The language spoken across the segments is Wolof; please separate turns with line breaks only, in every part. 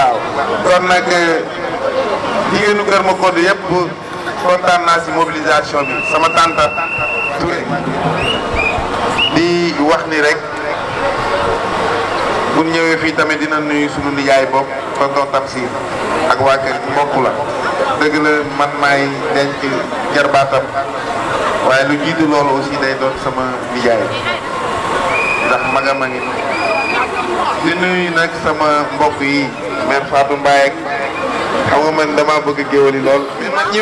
waaw kon nag eh, jigéenu Kër Macodo yëpp kontaan naa si mobilisation bi sama tante Touré di wax ni rek bu ñëwee fii tamit dina nuyu sunu bopp tonton Tamsir ak waa kër mbokk la dëgg la man maay denc jarbaatam waaye lu jiitu loolu aussi day doon sama nijaay ndax magam a ngi di nuyu nag sama mbokk yi mère Fatou Mbaye xam nga man damaa bëgg géwél lool mais man ñi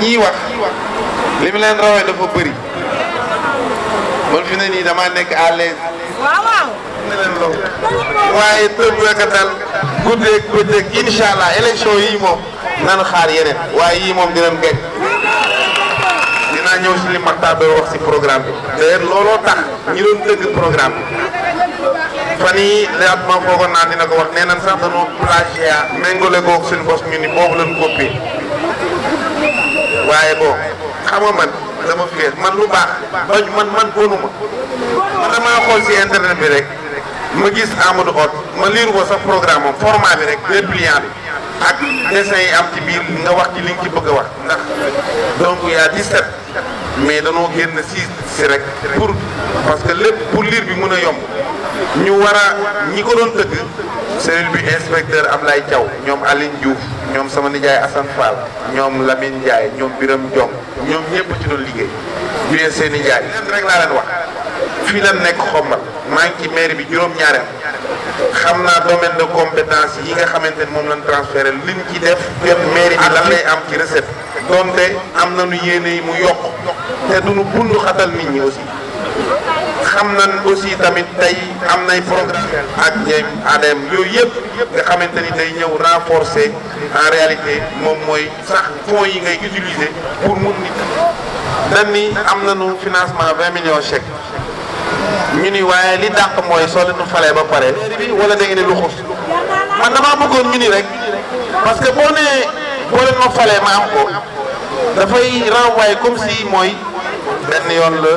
ñii wax li mu leen rawee dafa bëri man fi ne nii damaa nekk à l'aise waaye tëb rek a dal guddeeg allah élection yii moom nan xaar yeneen waaye yii moom dinañ gëj dinaa ñëw si li Makhtar wax si programme bi d'ailleurs looloo tax ñi doon dëgg programme fan yii laaj ma foogoon naa dina ko wax nee nañ sax dañoo plagiat méngale koog seen bos ñu ni boobu lañ copié waaye boo xam nga man fees man lu baax bañ man man bonuma man damaa xool si internet bi rek ma gis Amadou Hott ma liir ko sax programme am format bi rek dépliant bi ak dessin yi am ci biir nga wax ci li nga ci bëgg a wax ndax donc yaa 17 mais danoo génn si si rek pour parce que lépp pour liir bi mën a yomb ñu war a ñi ko doon tëgg cellule bi inspecteur Ablaye Thiaw ñoom Aline Diouf ñoom sama nijaay Assane Fall ñoom Lamine Ndiaye ñoom Biram Diom ñoom ñëpp ci doon liggéey buyee seen i jaay leen rek laa leen wax fii la nekk xombal maa ngi ci mairie bi juróom-ñaari xam naa domaine de compétence yi nga xamante ni moom lañ transféré liñ ci def jot mairie bi lan lay am ci recette donte am nañu yéene yi mu yokk te duñu bundu xatal nit ñi aussi xamnañ aussi tamit tay am nay programme ak ñoom ADM yooyu yëpp nga xamante ni day ñëw renforcer en réalité moom mooy sax fonds yi ngay utiliser pour mun nit dañ ni am nañu financement 20 millions chèques ñu ni waaye li dàq mooy soo leen falee ba pare wala da ngeen di lu man dama bëggoon ñu ni rek parce que boo nee boo leen ma falee ma am ko dafay renvoyé comme si mooy benn yoon la.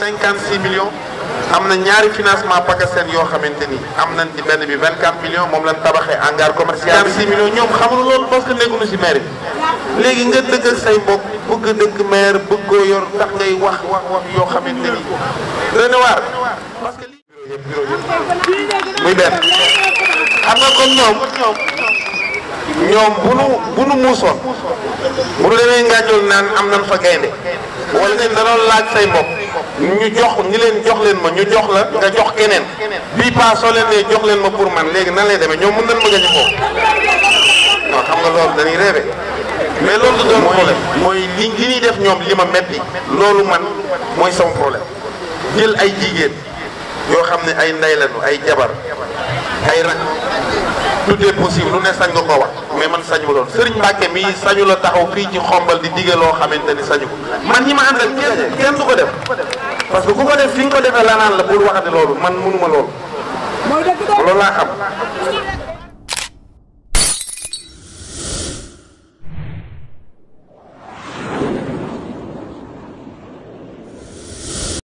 cinquante six millions am na ñaari financement PACASEN yoo xamante ni am nañ ci benn bi vingt quatre millions moom lañ tabaxee engare commercial bi. six millions ñoom xamul loolu parce que nekkuñu si maire bi léegi nga dëkk ak say mbokk bëgg dëkk maire bëggoo yor tax ngay wax wax wax yoo xamante ni Renoir. parce que lii yëpp bureau yëpp muy benn xam nga kon ñoom. ñoom bu nu bu nu muusoon bu nu demee ngàjjool naan am nan fa gaynde wala ne danoon laaj say mbokk ñu jox ni leen jox leen ma ñu jox la nga jox keneen bii pas soo leen nee jox leen ma pour man léegi nan lay demee ñoom mën nañ ma gañe foofu non xam nga loolu dañuy reere mais loolu du doon problème mooy li li ñuy def ñoom li ma metti loolu man mooy sama problème jël ay jigéen yoo xam ne ay ndey lañu ay jabar ay rak tout est possible lu ne sañ nga koo wax mais man sañ ma doon Serigne Mbacke mii sañu la taxaw fii ci xombal di digge loo nte ni sañu ko man ñi ma àndal kenn kenn du ko def parce que ku ko def fi nga ko defee lanaan la bul waxati loolu man mënuma loolu loolu laa xam